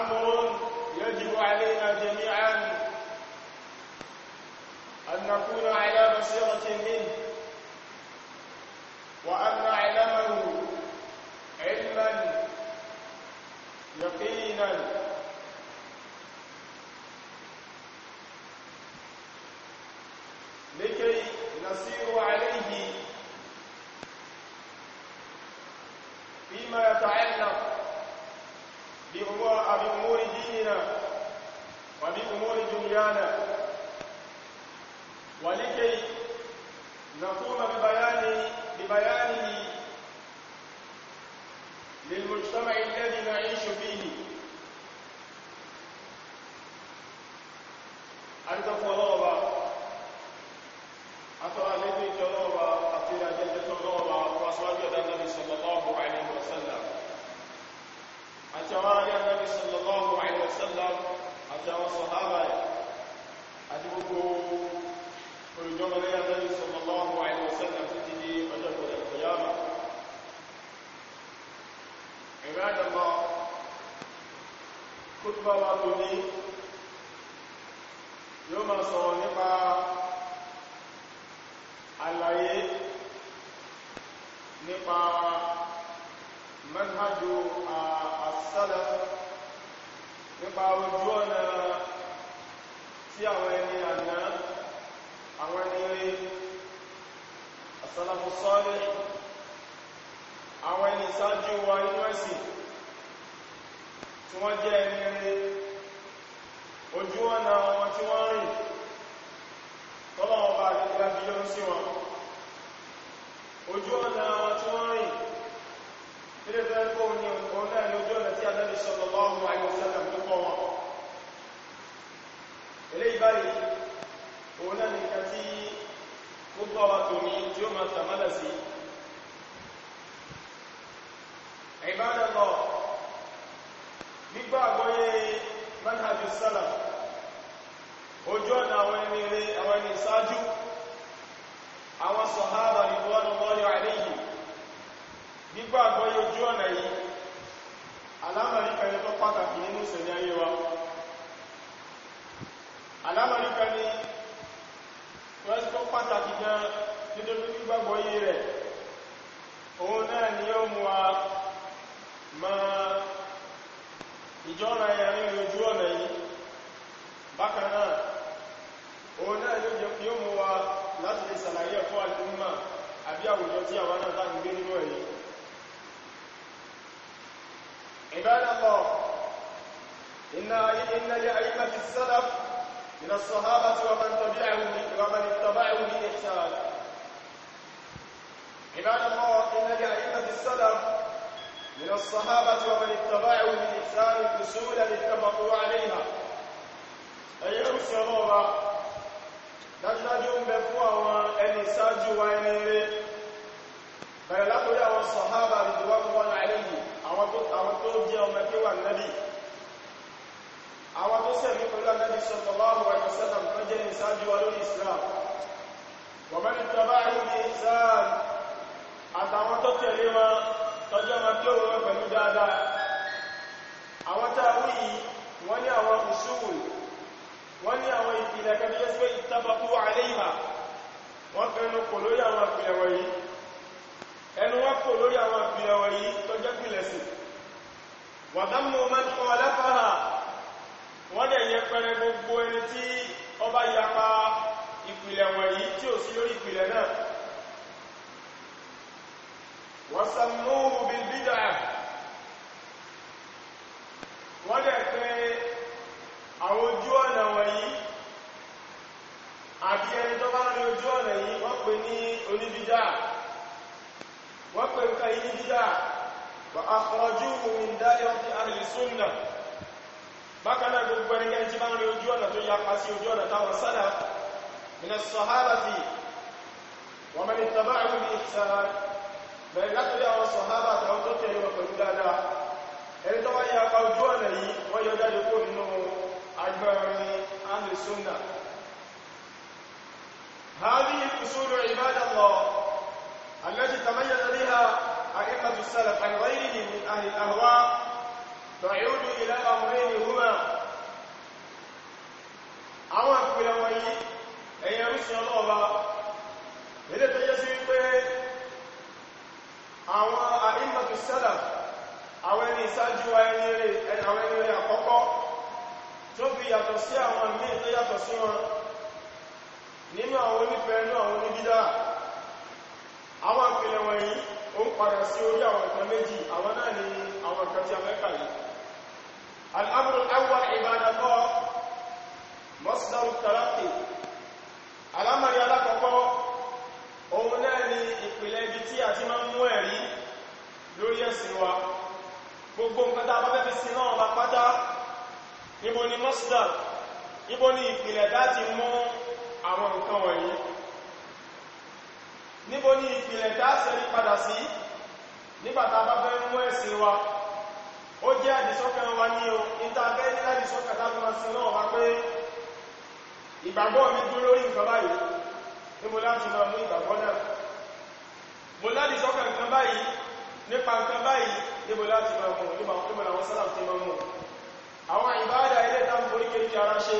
أمر يجب علينا جميعا أن نكون على بصيرة منه وأن gbogbo olùjọba lẹ́yà lẹ́yìn sallallahu alaihi wasallam títí di ọjọ́ ìgbọ̀dẹ̀ ìgbòyàmà ẹ̀rẹ́ àjọmọ́ kútùbà wa tó ní yóò máa sọ̀rọ̀ nípa àlàyé nípa manhajú as nípa ojú ọ̀nà tí àwọn ẹni àná àwọn ẹni rí as-salafu àwọn ẹni ìsájú wa nínú tí wọ́n jẹ́ ẹni rí ojú ọ̀nà àwọn tí wọ́n rìn tọ́lọ̀wọ́ bá láti sí wọn ojú ọ̀nà àwọn tí wọ́n rìn ilé tẹ́lẹ́kọ́ ní ọ̀nà ìlú ojú ọ̀nà tí a tó eléyìí báyìí òun náà nìkan tí gbogbo àwọn tòmí tí ó máa tàmádà sí ìbádàlọ́ gbígbà àgbọ́yé manhajjú sálà ojú ọ̀nà alámọ̀ríkà ni wọ́n tó pàtàkì gan nítorí gbígbàgbọ́ yí rẹ̀ òun náà ni ó mú wa ma ìjọ́ra ẹ̀rin ojú ọ̀nà yìí bákan náà òun náà ló jẹ́ pé ó mú wa láti lè sàlàyé ẹ̀kọ́ àlúmà àbí àwùjọ tí àwọn náà tàbí gbé nínú ẹ̀yìn ìbádàpọ̀ إن لأئمة السلف من الصحابة ومن تبعهم ومن اتبعهم بإحسان عباد الله إن لأئمة السلف من الصحابة ومن اتبعهم بإحسان أصولا اتفقوا عليها أي أمس يضوها نجد يوم بفوا أن يساج وينير بل لقوا يا الصحابة رضوان الله عليه أو تؤدي يوم النبي àwọn tó sẹ̀mí pẹ̀lú Ànábì sallallahu alaihi wasallam tó jẹ́ ní sáájú wa lórí Islam wa man ittaba'ahum bi ihsan àtàwọn tó tẹ̀lé wọn tọ́jọ́ ma kí òun wọn pẹ̀lú dáadáa àwọn tá a wí yìí wọ́n ní àwọn usul wọ́n ní àwọn wọ́n dẹ̀ yẹ pẹrẹ gbogbo ẹni tí ọ bá yapa ìpìlẹ̀ wọ̀nyí tí ò sí lórí ìpìlẹ̀ náà wọ́n bi bí bídà wọ́n dẹ̀ pé àwọn ojú ọ̀nà wọ̀nyí àbí ẹni tó bá rí ojú ọ̀nà yìí wọ́n pè ní wọ́n pè ń yìí wọ́n bákanáà gbogbo ẹnikẹ́ni tí bá ń rí ojú ọ̀nà tó yapa sí ojú ọ̀nà táwọn sálà minna sọ̀hábàtì wọ́n mẹ́rin tàbá ẹ̀kùn ní ìsára bẹ̀rẹ̀ látòrí àwọn sọ̀hábà tàwọn tó tẹ̀lé wọn pẹ̀lú dáadáa ẹni tó wáyé فيعود إلى أمرين هما àwọn ìpìlẹ̀ wọ̀nyí ẹ̀yẹ rúṣin ọlọ́ọ̀bá ilé tó yẹ sí pé àwọn àìmọ̀tò sẹ́là àwọn ẹni ìsájú ẹni rẹ̀ àkọ́kọ́ tó fi yàtọ̀ sí àwọn mí tó si sí n'i nínú àwọn onífẹ́ inú àwọn oníbídá àwọn ìpìlẹ̀ wọ̀nyí ó ń padà a الأمر الأول عباد الله مصدر الترقي. الأمر alákọ̀ọ́kọ́ òun náà ni ìpìlẹ̀ ibi tí a ti máa ń mú ẹ̀rí lórí ẹ̀sìn wa gbogbo nǹkan tá a bá fẹ́ fi sin náà bá pátá níbo ni masdar níbo ni ìpìlẹ̀ láti mú àwọn nǹkan wọ̀nyí níbo ni ìpìlẹ̀ tá a padà sí nígbà bá fẹ́ mú ẹ̀sìn wa ó jẹ́ àdìsọ́kàn wa ní o ìtàkẹ́ ní àdìsọ́kàn tàbí ma sin náà wá pé ìgbàgbọ́ mi dúró lórí nǹkan báyìí ní mo láti máa mú ìgbàgbọ́ náà mo ládìsọ́kàn nǹkan báyìí nípa nǹkan báyìí ní mo láti máa mú ìgbà òkúmọ̀ àwọn sálàm tí máa mú àwọn ìbáadà ilé táwọn oríkèríkè ara ṣe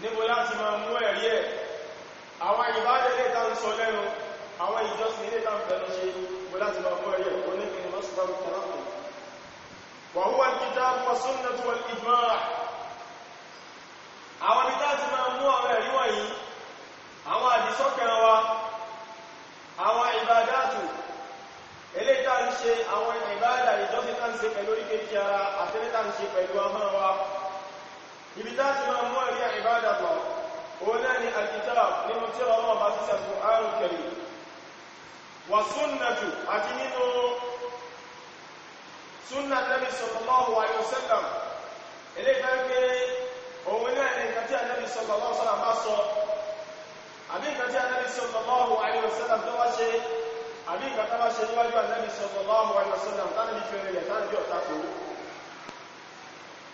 ní mo láti máa mú ẹ̀rí ẹ̀ àwọn ìbáadà ilé táwọn وهو الكتاب والسنة والإجماع àwọn ibi táti máa mú àwọn ẹ̀rí wọ̀nyí àwọn àdìsọ́kàn wa àwọn ìbádàtù eléta ń ṣe àwọn ìbádà ìjọ́síta ń ṣe pẹ̀lú oríkèjì ara àtẹ́lẹ́ta ń ṣe pẹ̀lú ahọ́n wa ibi táti máa mú ẹ̀rí ìbádà bọ̀ òun náà ni alkitab nínú tí ọlọ́wọ́ bá ti sẹ̀kù àrùn kẹrì wà sunnatu àti nínú súnà Ànábì sallallahu alaihi wasallam ilé ìfẹ́ pé òun náà ní nǹkan tí Ànábì sallallahu alaihi wasallam bá sọ àbí nǹkan tí Ànábì sallallahu alaihi wasallam tó wá ṣe àbí nǹkan tó wá ṣe níwájú Ànábì sallallahu alaihi wasallam tánàbí fi rìnlẹ̀ tánàbí ọ̀tá kò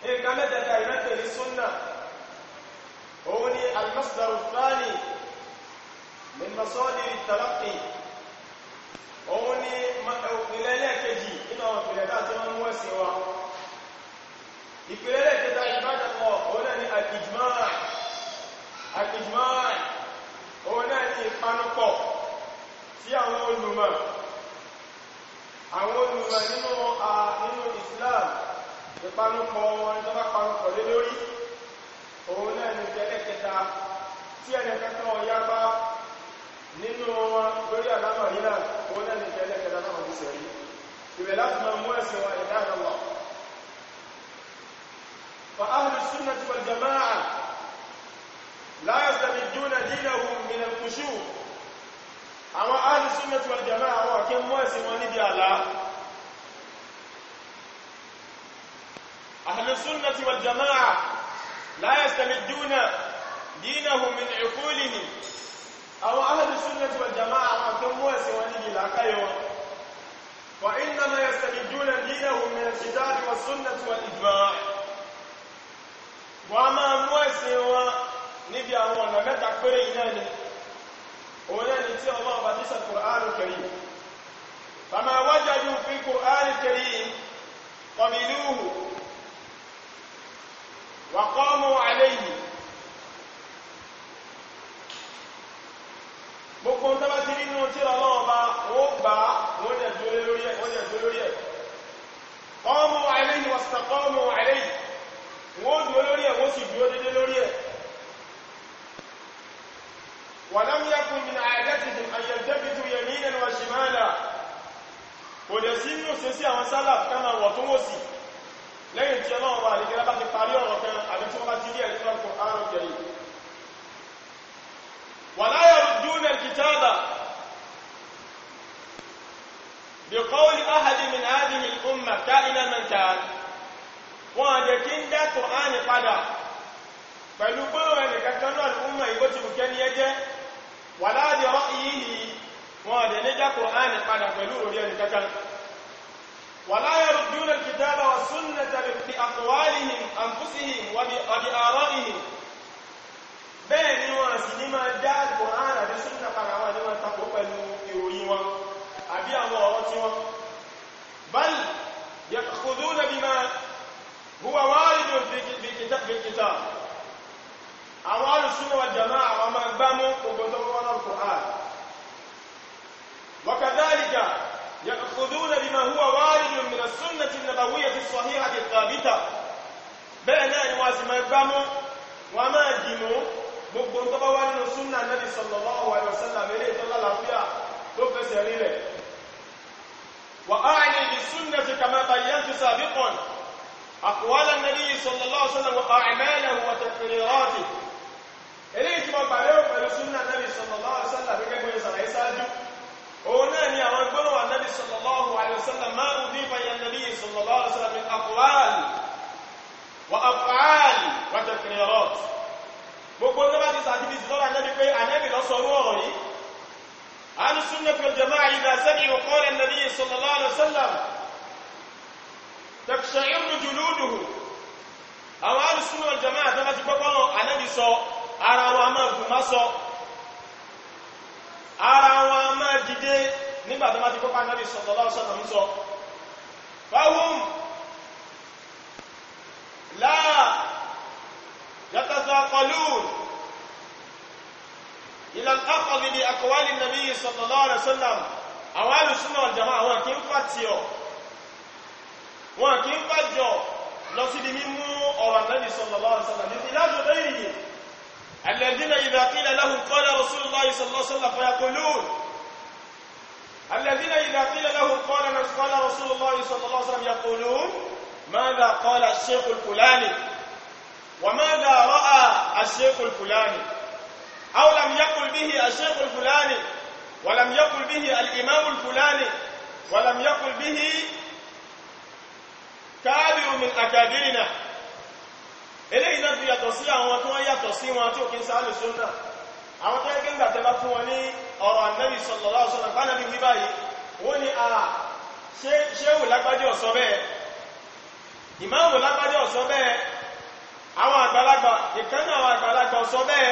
nǹkan mẹ́tẹ̀ẹ̀ta ìrẹ́tẹ̀ ní súnà òun ni al-masdaru thani min òun ẹ̀sìn wa ìpìlẹ̀lẹ̀ kẹta ìbádàpọ̀ òun náà ni àkìjmáà àkìjmáà òun náà ni ìpanupọ̀ tí àwọn olùmọ̀ àwọn olùmọ̀ nínú a nínú Islam ìpanupọ̀ wọn tó bá panupọ̀ lé lórí òun náà ni ìpìlẹ̀lẹ̀ kẹta tí ẹni kẹta ọ̀yá bá nínú wọn lórí àlámọ̀ yìí náà òun náà ni ìpìlẹ̀lẹ̀ kẹta náà wọ́n ti sẹ̀rí يبقى لازم مواسي وإله الله فأهل السنة والجماعة لا يستمدون دينهم من الخشوع أما أهل السنة والجماعة هو كم مواسي وندي الله أهل السنة والجماعة لا يستمدون دينهم من عقولهم أو أهل السنة والجماعة ما كم مواسي وندي الله كيوم وإنما يستجدون دينهم من الكتاب والسنة والإجماع وما موسي ونبي أهوان ومتع قريناني ونالي تي الله بديس القرآن الكريم فما وجدوا في القرآن الكريم قبلوه وقاموا عليه gbogbo tọ́bá ti rí nínú قاموا عليه واستقاموا عليه وود ولوري وسي بيودي لوري ولم يكن من عادتهم ان يلتفتوا يمينا وشمالا ودسينو سيسي àwọn salaf kama wọ̀tún wòsì lẹ́yìn tí Ọlọ́run bá àdíkẹ́lá bá ti parí ọ̀rọ̀ kan àbí tí wọ́n bá ti rí ẹ̀rí lọ́rùn kò ààrùn jẹ́ yìí wala yarduna al-kitaba بقول أحد من هذه الأمة كائنا من كان wọ́n jẹ́ kí ń dá Kùránì padà pẹ̀lú gbọ́rọ̀ ẹnìkankan náà l'umma ìgbó ti mú kẹ́ni ẹjẹ́ wà láàrin ọ̀rọ̀ ìyíni wọ́n jẹ́ ní dá Kùránì padà pẹ̀lú orí ẹnìkankan wà láàrin dúnà kìtàbà wà súnnà tàbí fi àkọwàlìhìn àǹfúsìhìn wàbí àrọ́ìhìn bẹ́ẹ̀ ni wọ́n sì ní máa dá Kùránì àti súnnà padà wọ́n ní wọ́n takò pẹ̀lú ìròyìn wọn àbí àwọn tí wọ́n bal ya'khuduna bima huwa waridun bil kitab àwọn alùsùn wal jama'a àwọn máa gbámú ogun tó wọ́n náà Qur'an wa kadhalika يأخذون بما هو وارد من السنة النبوية الصحيحة الثابتة بأن أنواز ما يبامو وما يجمو gbogbo tó bá wá nínú súnnà Nábì sallallahu alaihi wasallam ilé ìtọ́lá làfíà tó fẹsẹ̀ rí rẹ̀ وأعني بالسنة كما بينت سابقا أقوال النبي صلى الله عليه وسلم وأعماله وتقريراته eléyìí tí wọ́n pàdéwò pẹ̀lú súnà nábì sallallahu alaihi wasallam gẹ́gẹ́ bí ìsàlẹ̀ ìsáájú òun náà ni àwọn gbọ́nà wà nábì sallallahu alaihi wasallam máa ń bí bayan nábì sallallahu alaihi wasallam aqwal wa af'al wa taqrirat gbogbo náà ti sàdíbi sí lọ́wọ́ nábì pé ànábì lọ́sọ̀rọ̀ ọ̀rọ̀ أهل السنة والجماعة إذا سمعوا قول النبي صلى الله عليه وسلم تقشعر جلوده àwọn alùsùn wọn jama'a tó bá ti gbọ́gbọ́ náà ànábì sọ ara wọn a máa gùn má sọ ara wọn a máa dìde nígbà tó bá ti gbọ́gbọ́ ànábì sọ tọ́lọ́ sọ́tọ̀ ń sọ fáwọn láà yàtọ̀tọ̀ pọ̀lú ìlà àkọlù ní àkọwálì nàbí sallallahu alaihi wasallam àwọn alùsùnà ọ̀jàmá àwọn kí ń fàtíọ̀ wọn kí ń fàjọ lọ sí di mímú ọ̀rọ̀ nàbí sallallahu alaihi wasallam ní ìlàjọ lẹ́yìn yìí alladhina idha qila lahum qala rasulullahi sallallahu alaihi wasallam fayaqulun alladhina idha qila lahum qala rasulullahi sallallahu alaihi wasallam yaqulun ماذا قال الشيخ الفلاني وماذا رأى الشيخ الفلاني أو لم يقل به الشيخ الفلاني ولم يقل به الإمام الفلاني ولم يقل به كابر من أكابرنا eléyìí náà ti yàtọ̀ sí àwọn tó yàtọ̀ sí wọn tí ó kí ń sáàlù súnnà àwọn tó yẹ́ gbà tẹ́lá fún wọn ní ọ̀rọ̀ ànábì sallallahu alaihi wasallam fánàbí ní báyìí wọ́n ni a ṣéwù lágbájẹ́ ọ̀sọ́ bẹ́ẹ̀ ìmáàmù lágbájẹ́ ọ̀sọ́ bẹ́ẹ̀ àwọn àgbàlagbà ìkánà àwọn àgbàlagbà ọ̀sọ́ bẹ́ẹ̀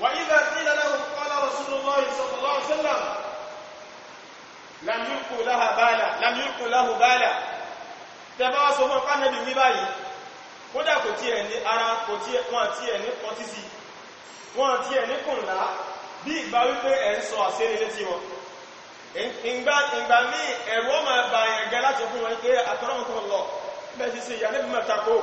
وإذا قيل له قال رسول الله صلى الله عليه وسلم لم يلقوا لها بالا لم يلقوا له بالا tẹ́bá sọ fún ọpá nẹ́bì ní báyìí kódà kò tí ẹ̀ ní ara kò tí wọ́n tí ẹ̀ ní pọtí sí wọ́n tí ẹ̀ ní kùnlá bí ìgbà wípé ẹ̀ ń sọ àṣẹ́rẹ́ létí wọn ìgbà ìgbà míì ẹ̀rù ọmọ ẹ̀bà ẹ̀gẹ́ láti fún wọn pé àtọ́rọ̀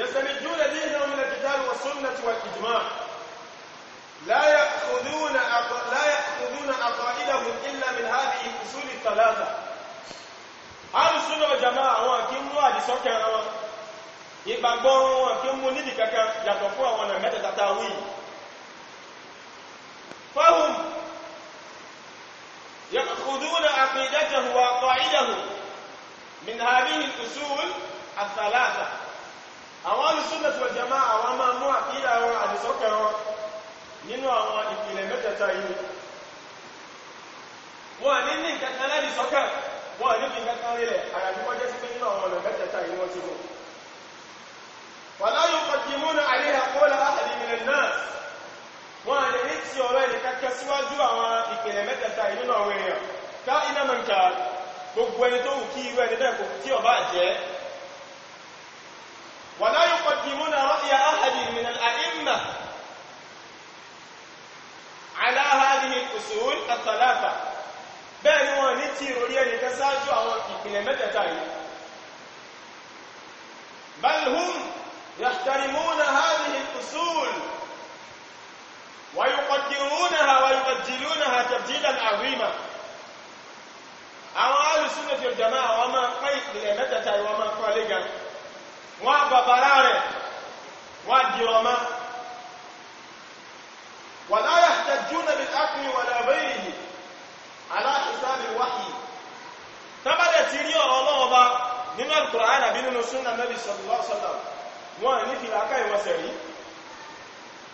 يستمدون دينهم من الكتاب والسنة والإجماع لا يأخذون لا يأخذون عقائدهم إلا من هذه الأصول الثلاثة أهل السنة والجماعة wọn kì í mú àdìsọ́kẹ́ ara wọn ìgbàgbọ́ wọn kì í mú níbi kankan فهم يأخذون عقيدته وقاعده من هذه الأصول الثلاثة àwọn alùsùnlẹ̀ tó jẹ máa àwọn máa mú àkíyà wọn àdìsọ́kẹ̀ wọn nínú àwọn ìpìlẹ̀ mẹ́tẹ̀ẹ̀ta yìí wọ́n ní ní ìkẹta lẹ́dìsọ́kẹ̀ wọ́n ní kí kẹta rílẹ̀ àyàdúkọ́ jẹ́ sí pé nínú àwọn ọ̀nà mẹ́tẹ̀ẹ̀ta yìí wọ́n ti mú wala yuqaddimuna 'alayha qawla ahadin min an-nas ولا يقدمون رأي أحد من الأئمة على هذه الأصول الثلاثة بل ونتي روليا نتساجو أو إقلمة بل هم يحترمون هذه الأصول ويقدرونها ويبدلونها تبديلا عظيما أو أهل السنة الجماعة وما قيد لمدة وما قالقا wọ́n á bàbára rẹ̀ wọ́n á di ọmọ wà láyà tẹjú nàbí ápùn wà lábẹ́rẹ̀ yìí aláìsáàmì wáyì ti rí Nabi sallallahu alaihi wasallam wọ́n ní fìlàkà ìwọ̀sẹ̀ rí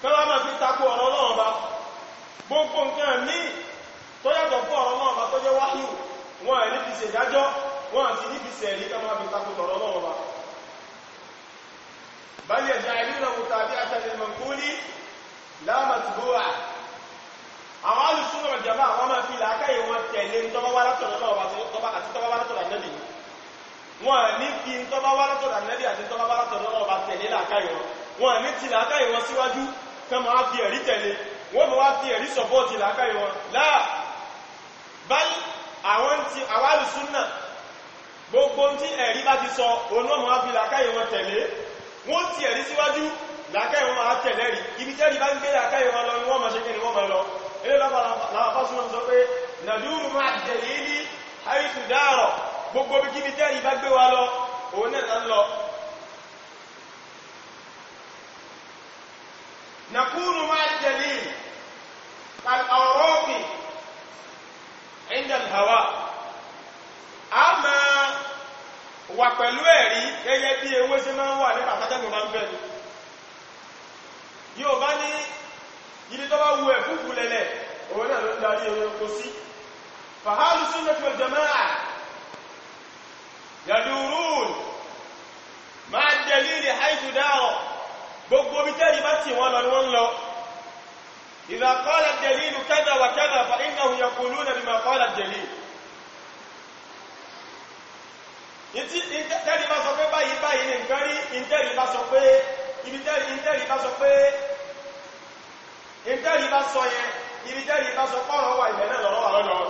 tọ́lá máa fi taku ọ̀rọ̀ ọlọ́ọba gbogbo nǹkan to tó yàtọ̀ fún ọ̀rọ̀ ọlọ́ọba tó jẹ́ wáyù wọ́n ní fi بل يجعلونه تابعة للمنقول لا متبوع àwọn alùsùnà ìjọba وما في fi làákàyè wọn tẹ̀lé ولا tọ́bá wá látọ̀rọ̀ náà àti tọ́bá wá látọ̀rọ̀ ànẹ́bì wọn ní kí ń tọ́bá wá látọ̀rọ̀ ànẹ́bì àti tọ́bá wá látọ̀rọ̀ náà bá tẹ̀lé làákàyè wọn wọn ní ti làákàyè wọn síwájú kan máa fi ẹ̀rí tẹ̀lé wọ́n máa wá fi ẹ̀rí sọ̀pọ̀tì làákàyè láà báyìí àwọn ti àwọn alùsùnà gbogbo tí ẹ̀rí bá ti sọ òun náà máa fi làákàyè wọn tẹ̀lé wọ́n ti ẹ̀rí síwájú làákàyè wọn máa tẹ̀lẹ́rì ibi tẹ́rì bá ń gbé làákàyè wọn lọ ni wọ́n máa ṣe kẹ́ni wọ́n máa lọ eré lápásúnmọ́ sọ pé nàdúrù máa tẹ̀lé ní àìsù dáàrọ̀ gbogbo bí kíbi tẹ́rì bá gbé wa lọ òun náà lọ nàkúrù máa tẹ̀lé ọ̀rọ̀ òfin ẹ̀ndàl hawa wà pẹ̀lú ẹ̀rí gẹ́gẹ́ bí ewé ṣe máa ń wà nípa àtàtẹ́gùn máa ń bẹ̀ ní yóò bá ní ilé tó bá wu ẹ̀fúfú lẹ́lẹ̀ òun náà ló ń darí ewé oko sí fàhálù sunnah wal jamā'ah yadūrūn máa jẹ́lí ní haythu lọ ni wọ́n lọ idhā qāla ad-dalīlu kadhā wa kadhā ìtẹ́rì bá sọ pé báyìí báyìí nìkan rí ìtẹ́rì bá sọ pé ìtẹ́rì bá sọ pé ìtẹ́rì bá sọ yẹn ìtẹ́rì bá sọ pọ́rọ̀ wà ìbẹ̀ náà lọ́rọ̀ wà lọ́dọ̀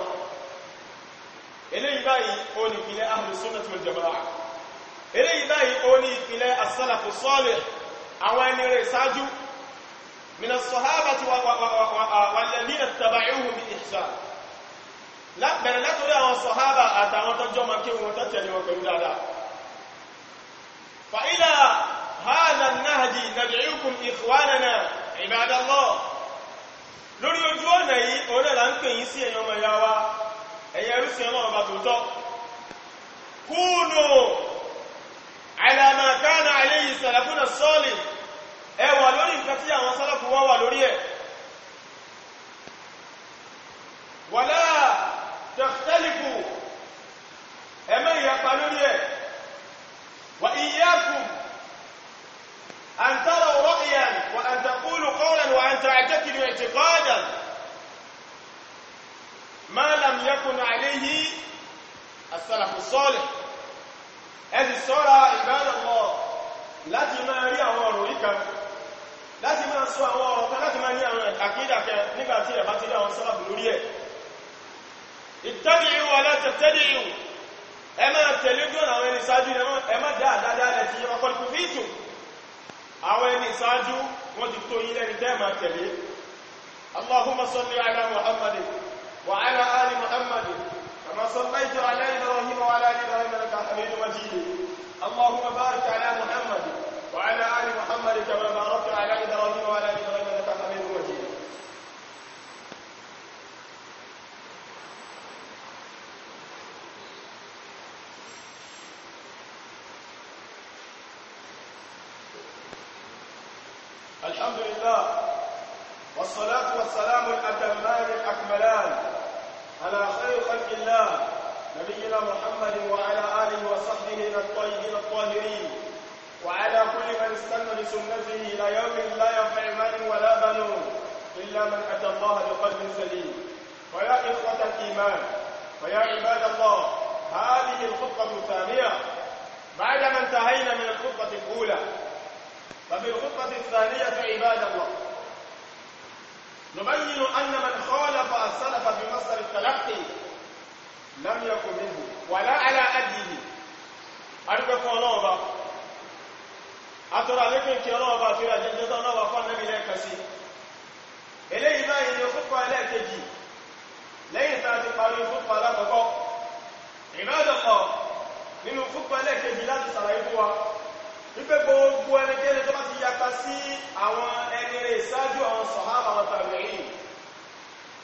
eléyìí báyìí ó ní ìpìlẹ̀ ahlus sunnah wal jamaa'ah eléyìí báyìí ó ní ìpìlẹ̀ as-salafu salih àwọn ẹni rẹ̀ ṣáájú min as-sahabati wal ladhina ittaba'uhum bi ihsan bẹ̀rẹ̀ látòrí àwọn sọ̀hábà àtàwọn tọ́jọ́ ma kí wọn tẹ́tẹ̀lé wọn pẹ̀lú dáadáa fa'ílà hàdà náàdì nàbẹ̀yùkùn ìfúwánàna ìbádàlọ́ lórí ojú ọ̀nà yìí orílẹ̀ ń pè yí sí ẹ̀yàn ọmọ ìyá wa ẹ̀yẹ rúsì ọlọ́run bá tòótọ́ kúùnù àìlàmàkánà àléyìí tẹ̀fẹ́lìkù ẹ̀mẹ́ ìyapa lórí ẹ̀ wà iyyakum an taraw ra'yan wa an taqulu qawlan wa an ta'taqidu i'tiqadan ma lam yakun alayhi as-salafu as-salih ẹni sọ́ra ìbádàlọ́ láti máa rí àwọn ọ̀rọ̀ yìí kan láti máa sọ àwọn ọ̀rọ̀ kan láti máa ní àwọn àkídà kan nígbàtí ẹ̀bá ti dá àwọn sọ́làbù lórí ẹ̀ ìtẹ́bìrì wà láti tẹ́bìrì ẹ máa tẹ̀lé gbọ́nà àwọn ẹni ìsáájú ẹ má dáadáa rẹ̀ ti ọkọ̀ ìpù fíìtù àwọn ẹni ìsáájú wọ́n ti tó yílẹ̀ ní tẹ́ẹ̀mà tẹ̀lé allahumma salli ala muhammadu wa ala ali muhammadu kama sallaita ala ibrahim wa ala ali ibrahim innaka hamidum الحمد لله والصلاة والسلام الأتمان الأكملان على خير خلق الله نبينا محمد وعلى آله وصحبه الطيبين الطاهرين وعلى كل من استنى بسنته إلى يوم لا ينفع مال ولا بنون إلا من أتى الله بقلب سليم ويا إخوة الإيمان ويا عباد الله هذه الخطة الثانية بعدما انتهينا من الخطة الأولى ففي الخطبة الثانية عباد الله نبين أن من خالف السلف بمصدر التلقي لم يكن منه ولا على أدله أرجوك الله àtọ́rà lékún kí ọlọ́ọ̀bá tí ó rà jẹjẹ tán lọ́wọ́ fún ẹ̀mí lẹ́ẹ̀kan sí eléyìí báyìí ni fúnpa ẹlẹ́ẹ̀kejì lẹ́yìn tàà ti parí fúnpa alákọ̀ọ́kọ́ ìbádọ̀kọ̀ nínú fúnpa ẹlẹ́ẹ̀kejì láti sàlàyé fún wa wípé gbogbo ẹnikẹ́ni tó bá ti yapa sí àwọn ẹgbẹ̀rẹ̀ ìsáájú àwọn sọ̀hábà àwọn tàbíyìn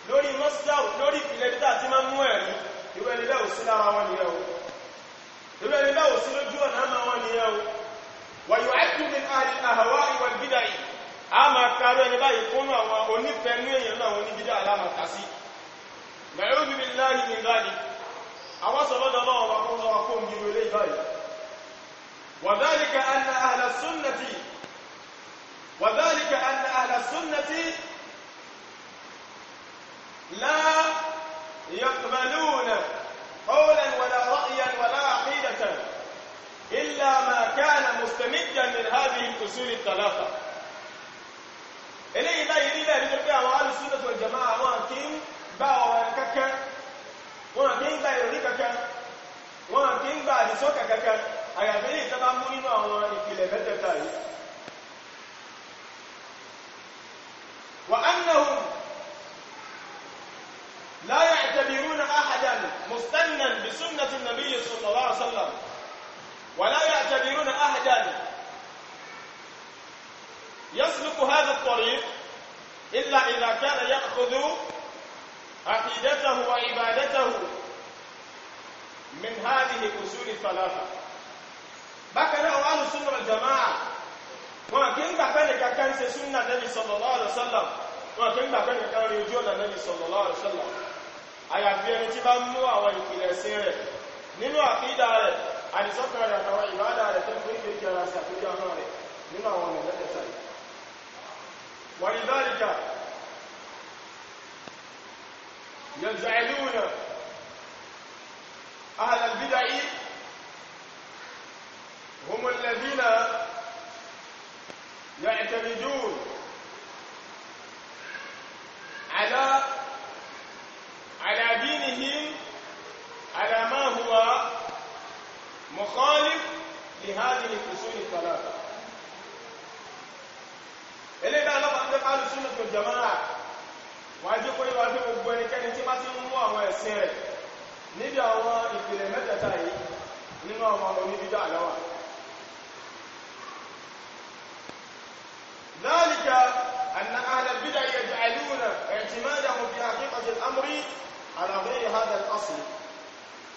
lórí mọ́síláwù lórí ìpìlẹ̀ títà tí máa mú ẹ̀rí irú ẹni bẹ́ẹ̀ ò sí lára wọn nìyẹn o irú ẹni bẹ́ẹ̀ ò sí lójú ọ̀nà àmà wọn nìyẹn o wà yóò ẹ́kùn ní àrí àhàwá ìwà gbídà yìí a الاصول الثلاثه الي ذا يدي ذا يجب على اهل السنه والجماعه او اكن باو وكك وانا بين ذا يدي كك وانا بين ذا دي سوك كك اي ابي تبع موني ما هو اللي في لبته تاعي وانهم لا يعتبرون احدا مستنا بسنه النبي صلى الله عليه وسلم ولا يعتبرون احدا يسلك هذا الطريق إلا إذا كان يأخذ عقيدته وعبادته من هذه الأصول الثلاثة bákan náà wọ́n alùsùn náà jama'a wọn kí ń gbàfẹ́ nìkan kan ṣe súnnà Nabi sallallahu alaihi wasallam wọn kí ń gbàfẹ́ nìkan kan rí ojú ọ̀nà Nabi sallallahu alaihi wasallam àyàfi ẹni tí bá ń mú àwọn ìpìlẹ̀ sí rẹ̀ nínú àkídà rẹ̀ àdìsọ́kàn rẹ̀ àtàwọn ìbádà rẹ̀ tó ń gbé ìgbé jẹ́ ara ṣàfihàn rẹ̀ nínú àwọn ọ̀nà mẹ́tẹ̀ẹ̀ta yìí ولذلك ينزعجون أهل البدع هم الذين يعتمدون على على دينهم على ما هو مخالف لهذه الأصول الثلاثة. إلى أن alù súnà tó jàmáà wàá kó yíwa pé gbogbo ẹnikẹ́ni tí bá ti ń mú àwọn ẹ̀sìn rẹ̀ níbi àwọn ìpìlẹ̀ mẹ́tẹ̀ẹ̀ta yìí nínú àwọn oníbídà àlọ́wà ذلك أن أهل البدع يجعلون اعتمادهم في حقيقة الأمر على غير هذا الأصل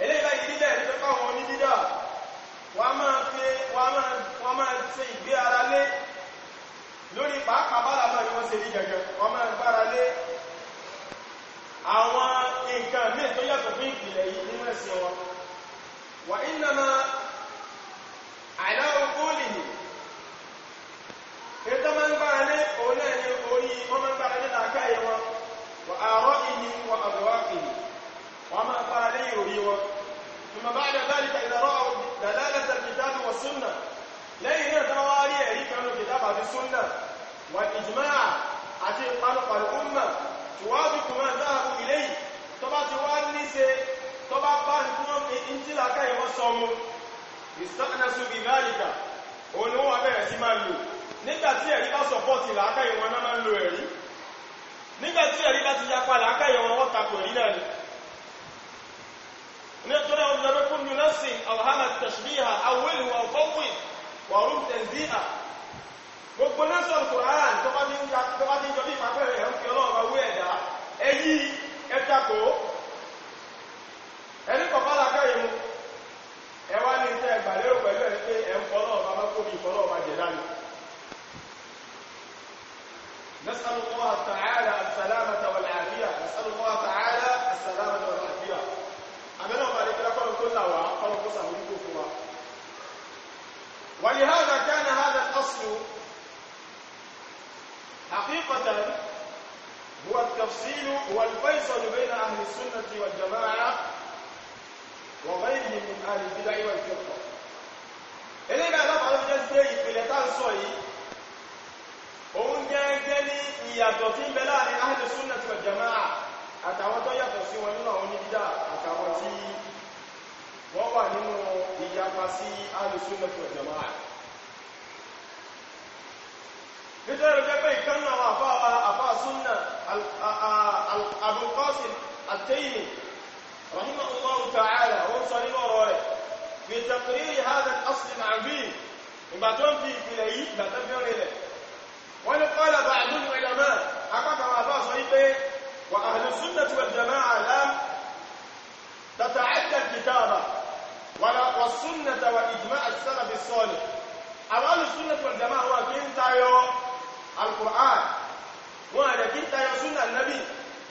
eléyìí báyìí dídá ẹ̀rí pẹ́pẹ́ àwọn onídídá wọ́n máa ṣe ìgbé ara lé ṣe rí gẹ̀gẹ̀ wọ́n máa gbára lé àwọn nǹkan mí tó yàtọ̀ fún ìpìlẹ̀ yìí nínú ẹ̀sìn wọn wà ìnàmà àìláwọ̀ kóòlì ní ètò máa ń gbára lé òun náà ní orí wọ́n máa ń gbára lé wọn wà àárọ̀ ìní wà àbúwá ìní والإجماع عتي قلق الأمة توافق ما ذهبوا إليه طبعا تواني سي طبعا باركم انت لك يوصموا استأنسوا بذلك òun wọ́n bẹ̀rẹ̀ sí máa lò nígbàtí ẹ̀rí bá sọpọ́tì làákàyè wọn náà máa ń nígbàtí ẹ̀rí bá ti gbogbo nẹ́sọ̀ kùrán tó bá ní jọ bí ìpàpẹ̀rẹ̀ ẹ̀ ń fi ọlọ́ọ̀bá wú ẹ̀dá ẹ̀yí ẹ̀dàkó ẹni kọ̀ọ̀bá lákẹ́ ìmú ẹwà ní iṣẹ́ ìgbàlérò pẹ̀lú ẹni pé نسأل الله تعالى السلامة والعافية نسأل الله تعالى السلامة والعافية أمنا مالك لكم كل وعقل قصة ولكم ولهذا كان هذا الأصل حقيقة هو التفصيل هو الفيصل بين أهل السنة والجماعة وغيرهم من أهل البدع والفرقة إليه بقى لما على مجال زي في اليتان سوي òun gẹ́gẹ́ ní ìyàtọ̀ tí ń bẹ láàrin Ahlu Sunnah wal Jama'ah àtàwọn tó yàtọ̀ sí wọn nínú àwọn onídídá àtàwọn tí wọ́n wà nínú ìyapa sí Ahlu Sunnah wal Jama'ah nítorí التيمي رحمه الله تعالى وصلي في تقرير هذا الأصل العظيم وما تنفي في ليه ما تنفي له ولقال بعض العلماء أقام بعض صحيح وأهل السنة والجماعة لا تتعدى الكتابة ولا والسنة وإجماع السلف الصالح àwọn السنه والجماعه هو كنتايو القران هو كنتايو سنه النبي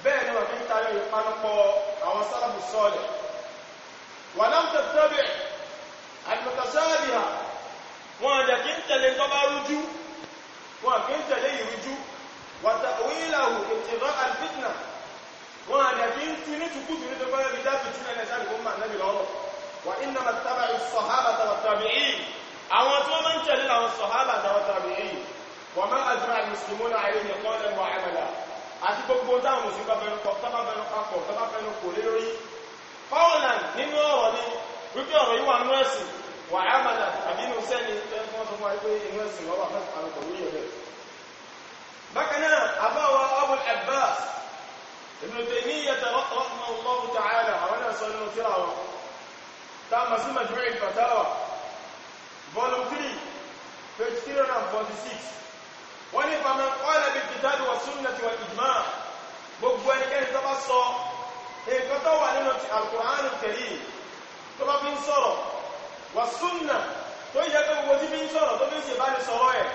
bẹ́ẹ̀ náà fi ń tayọ ìpanupọ̀ àwọn sálàbù sọ́ọ̀lẹ̀ wà náà tẹ̀tẹ̀bẹ̀ àtìmọ̀tàṣáàdìhà wọn àjẹ́ kí ń tẹ̀lé tó bá rújú wọn kí ń tẹ̀lé ìrújú wàtà òyìnláwò ìtìrọ alfitna wọn àjẹ́ kí ń tu ní tukútu ní tọ́gbọ́n ẹbí dábì tún ẹni sábì kó sọ̀hábà tàwà tàbí yìí àwọn tí wọ́n máa ń tẹ̀lé àwọn sọ̀hábà tàwà àti gbogbo táwọn mùsùlùmí bá fẹ́nu tọ́bá papọ̀ tọ́bá kò lé lórí fọ́ọ̀lán nínú ọ̀rọ̀ ni wípé ọ̀rọ̀ yíwà nú ẹ̀sìn wà á màdà àbí inú sẹ́ni tẹ́lifọ́n a 346 wọ́n ní faman qala bil kitabi wa sunnati wal ijma' gbogbo ẹnikẹ́ni tó bá sọ nǹkan tó wà nínú ti al-Qur'an al-Karim tó bá fi ń sọ̀rọ̀ wa sunna tó yẹ gbogbo tí ń sọ̀rọ̀ tó fi ń sì bá ní sọ̀rọ̀ ẹ̀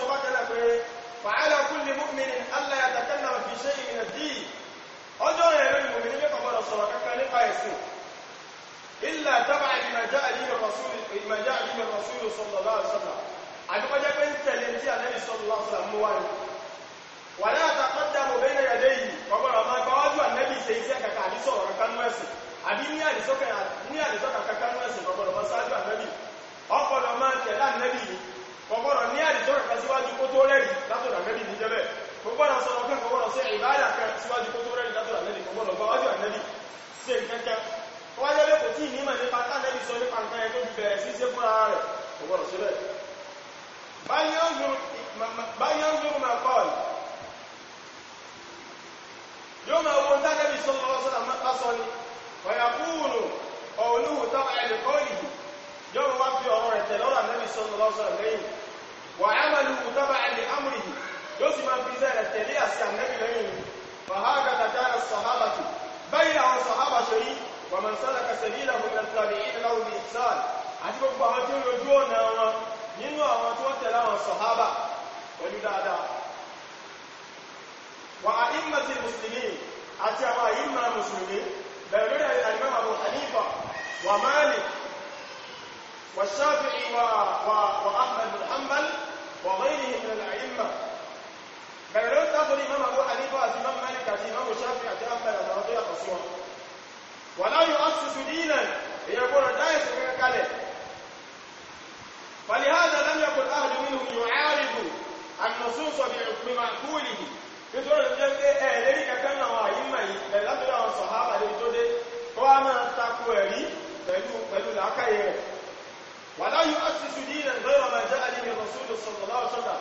sọ bákẹ́lẹ̀ pé fàálà kulli mu'minin alla yatakallama fi shay'in min ad-din ọjọ́ rẹ̀ lórí mọ̀mìnì mẹ́kọ̀ gbọ́dọ̀ sọ̀rọ̀ kankan nípa ẹ̀sìn illa tab'a lima ja'a bihi ar-rasul sallallahu alaihi wasallam ń tẹ̀lé tí ní kọ̀gbọ́rọ̀ ní àdìjọ́ kan síwájú kó tó rẹ̀rì látọ̀dà mẹ́rin ní jẹ́bẹ̀ kọ̀gbọ́rọ̀ sọ̀rọ̀ kan kọ̀gbọ́rọ̀ sí ìbáàdà kan síwájú kó tó rẹ̀rì látọ̀dà mẹ́rin kọ̀gbọ́rọ̀ bá wájú ànẹ́bì sí ìkẹ́kẹ́ wájẹ́ lé kò tí nímọ̀ nípa tánẹ́bì sọ nípa nǹkan ẹgbẹ́ bẹ̀rẹ̀ sí ṣe fúnra rẹ̀ kọ̀gbọ́rọ̀ síbẹ̀ báyọ̀ ń lórí máa kọ́ọ̀lù yóò máa wo tánẹ́bì sọ́lọ́sọ́lọ́ ويقول قوله تبع لقوله يوم وفي أمر التلوى النبي صلى الله عليه وسلم وعمله تبعا لأمره يسمى في ذلك تليس النبي لهم فهكذا كان الصحابة بينهم صحابة شيء ومن سلك سبيله من التابعين له بإحسان àti gbogbo àwọn tí ó lójú ọ̀nà wọn nínú àwọn tí wọ́n tẹ̀lé àwọn sọ̀hábà pẹ̀lú dáadáa wà á ìmọ̀ ti mùsùlùmí àti àwọn àyíma mùsùlùmí bẹ̀rẹ̀ lórí àìmọ́ Abu Hanifa wà Malik wà Shafi'i wà Ahmad bin Hanbal وغيره من الأئمة بل لو تأخذ الإمام أبو حنيفة الإمام مالك الإمام الشافعي أحمد رضي الله ولا يؤسس دينا ليكون دايس من كله فلهذا لم يكن أهل منهم يعارض النصوص بمعقوله nítorí tó jẹ́ pé ẹ̀ lérí kankan náà wà yí mẹ́yìn pẹ̀lú látọ́lá àwọn sọ̀hábà lè tó dé kó wá máa takò ẹ̀rí pẹ̀lú làákàyè rẹ̀ ولا يؤسس دينا غير ما جاء به الرسول صلى الله عليه وسلم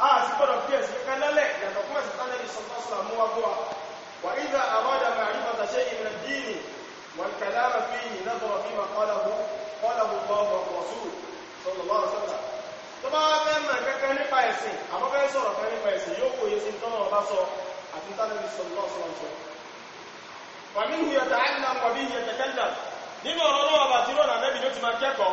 آه سيكون في كان لا يتقوم سيكون النبي صلى الله عليه وسلم موضوع وإذا أراد معرفة شيء من الدين والكلام فيه نظر فيما قاله قاله الله والرسول صلى الله عليه وسلم tọba fẹ́ mọ̀ kẹ́kẹ́ nípa ẹ̀sìn àbọ́fẹ́ sọ̀rọ̀ kan nípa ẹ̀sìn yóò kòye sí tọ́nà ọba sọ àti tánàbí sọ̀rọ̀ sọ̀rọ̀ sọ wà nínú yẹ̀tà àìlànà wà bí yẹ̀tà kẹ́ndà nínú ọ̀rọ̀ ọlọ́wọ́ bàtí rọ̀nà mẹ́bí ló ti máa kẹ́kọ̀ọ́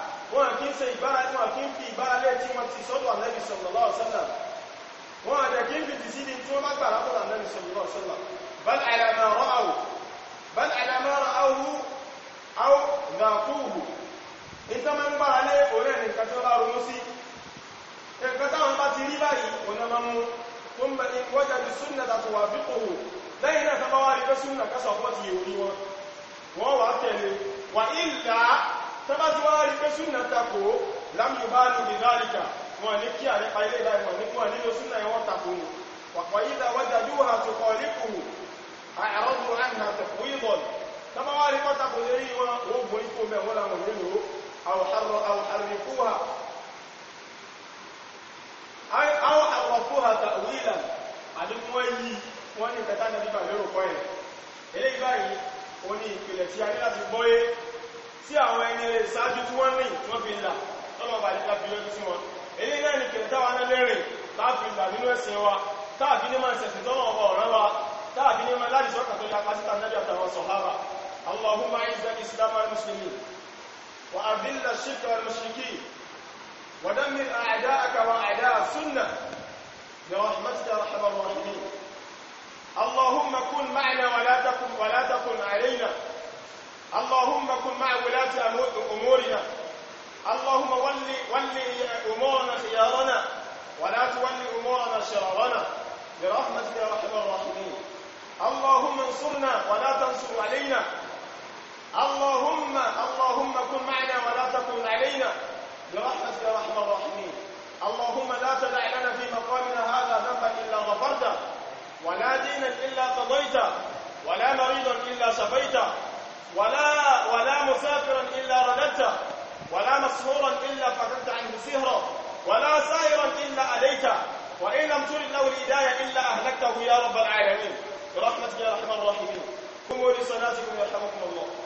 wọn kí ń ṣe ìbára tí wọn kí ń fi ìbára lẹ́ tí wọ́n ti sọ́dọ̀ Ànábì sallallahu alaihi wasallam wọn àjẹ́ kí ń fi tìsí ní tí wọ́n bá gbà látọ̀dọ̀ Ànábì sallallahu alaihi wasallam bal ala bẹ̀rẹ̀ wọ́jà bí súnnà tàbí wà bí kòhò lẹ́yìn náà tàbá wá rí pé súnnà kásà fọ́ ti èrò wọn wọ́n wà tẹ̀lé wà ìlàá tọ́bá ti wá rí pé súnà takò lámì bá ní ìdáríkà wọn ní kí àrípa ilé ìdáìmọ̀ ní wọn nínú súnà ìwọ́n takò wàpọ̀ yíta wájá yúwà tó kọ̀ nípò àyàrọ́dù àìhà tẹ̀kù ìbọn tọ́bá wá wọ́n làwọn nílò ní kẹta nàbí bàbá ẹ̀ eléyìí báyìí ó ní ìpìlẹ̀ tí a ní láti gbọ́yé tí àwọn ẹni rẹ̀ ìsáájú tí wọ́n ní wọ́n fi là tọ́lọ̀bà nípa bí lójú sí wọn èyí náà ni kẹta wa náà lẹ́rìn táàfi là nínú ẹ̀sìn wa táàfi ní máa sẹ̀sìn tọ́lọ̀ ọba ọ̀rán wa táàfi ní máa láti sọ́kà tó yapa síta náà àtàwọn sọ̀hábà allahumma izzal islam al muslimin اللهم كن مع ولاة أمورنا اللهم ولي, ولي أمورنا خيارنا ولا تولي أمورنا شرارنا برحمتك يا رحمة الراحمين اللهم انصرنا ولا تنصر علينا اللهم اللهم كن معنا ولا تكن علينا برحمتك يا رحمة الراحمين اللهم لا تدع لنا في مقامنا هذا ذنبا إلا غفرته ولا دينا إلا قضيته ولا مريضا إلا شفيته ولا ولا مسافرا الا رددته ولا مسحورا الا فقدت عنه سهرا ولا سائرا الا اليته وان لم ترد له الهدايه الا اهلكته يا رب العالمين برحمتك يا ارحم الراحمين قوموا لصلاتكم يرحمكم الله